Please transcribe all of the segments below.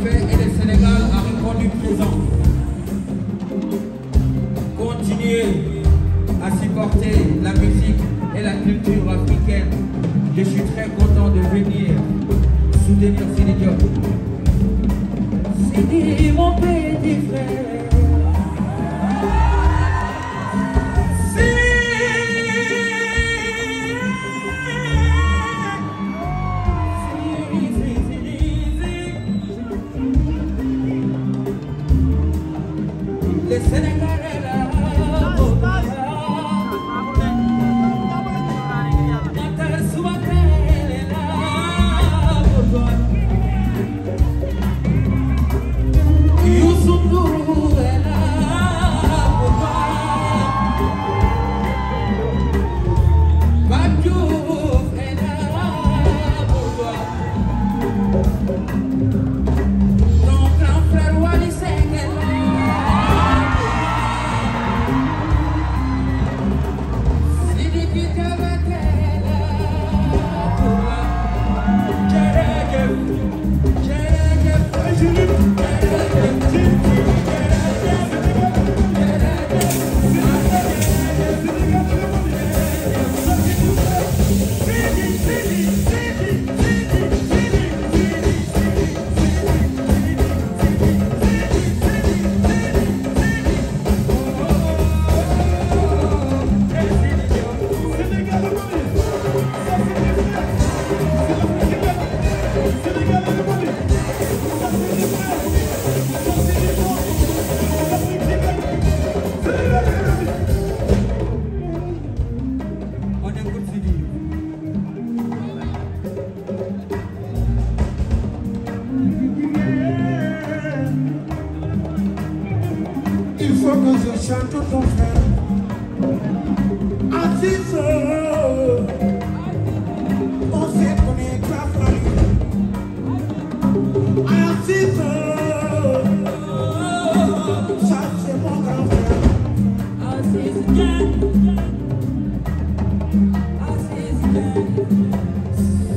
fait et le Sénégal a répondu présent. que je chante ton frère. Aziz, on s'est donné ta famille. Aziz, ça c'est mon grand frère. Aziz, Aziz, Aziz.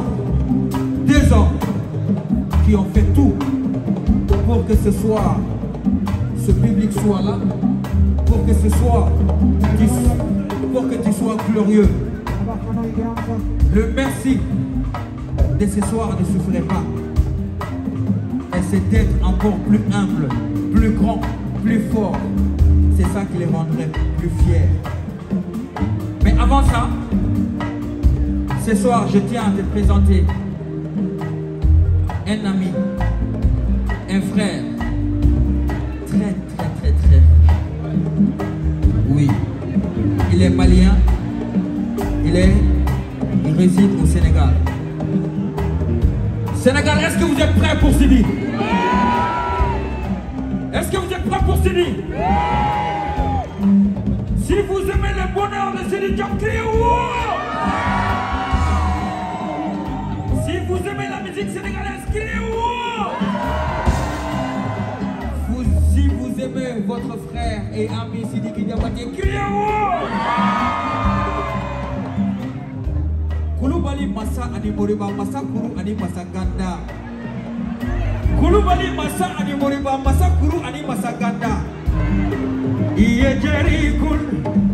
hommes, des hommes qui ont fait tout pour que ce soir, ce public soit là, pour que ce soir, pour que tu sois glorieux. Le merci de ce soir ne souffrait pas. Et c'est d'être encore plus humble, plus grand, plus fort. C'est ça qui les rendrait plus fiers. Mais avant ça, Ce soir, je tiens à te présenter un ami, un frère, très, très, très, très. Oui, il est malien, il est, réside au Sénégal. Sénégal, est-ce que vous êtes prêts pour Sidi Est-ce que vous êtes prêts pour Sidi Si vous aimez le bonheur de Sidi musique sénégalaise Criez-vous Vous, si vous aimez votre frère et ami Sidiki Diabaté, criez-vous Koulibaly Massa ani Moriba Massa Kourou ani Massa Ganda Koulibaly Massa ani Moriba Massa Kourou ani Massa Ganda Iye Jerry Koul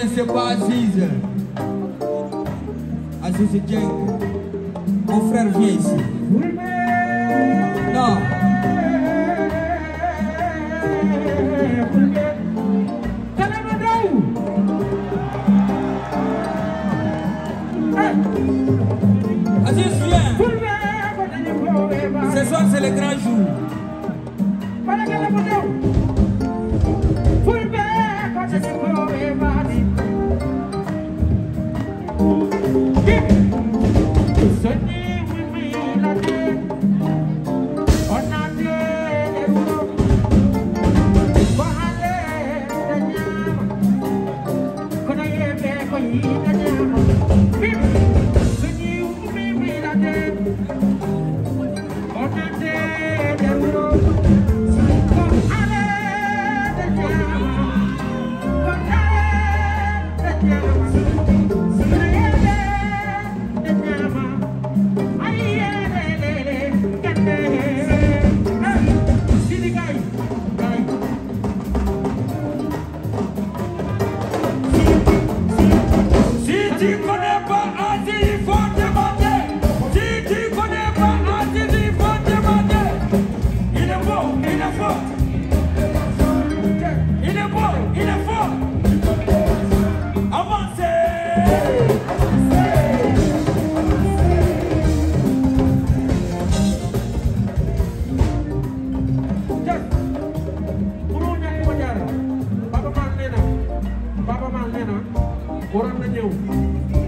connaissez pas Aziz Aziz Dieng mon frère vient ici Seigneur. nee na waroon na ñëw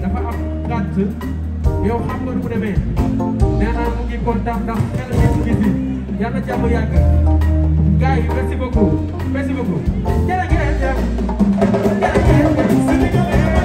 dafa am gàtt yow xam nga nu mu demee nee naa mu ngi kontaan ndax xel mi ngi gis yàlla jàmm yàgg gars yi merci beaucoup merci beaucoup jërëjëf jërëjëf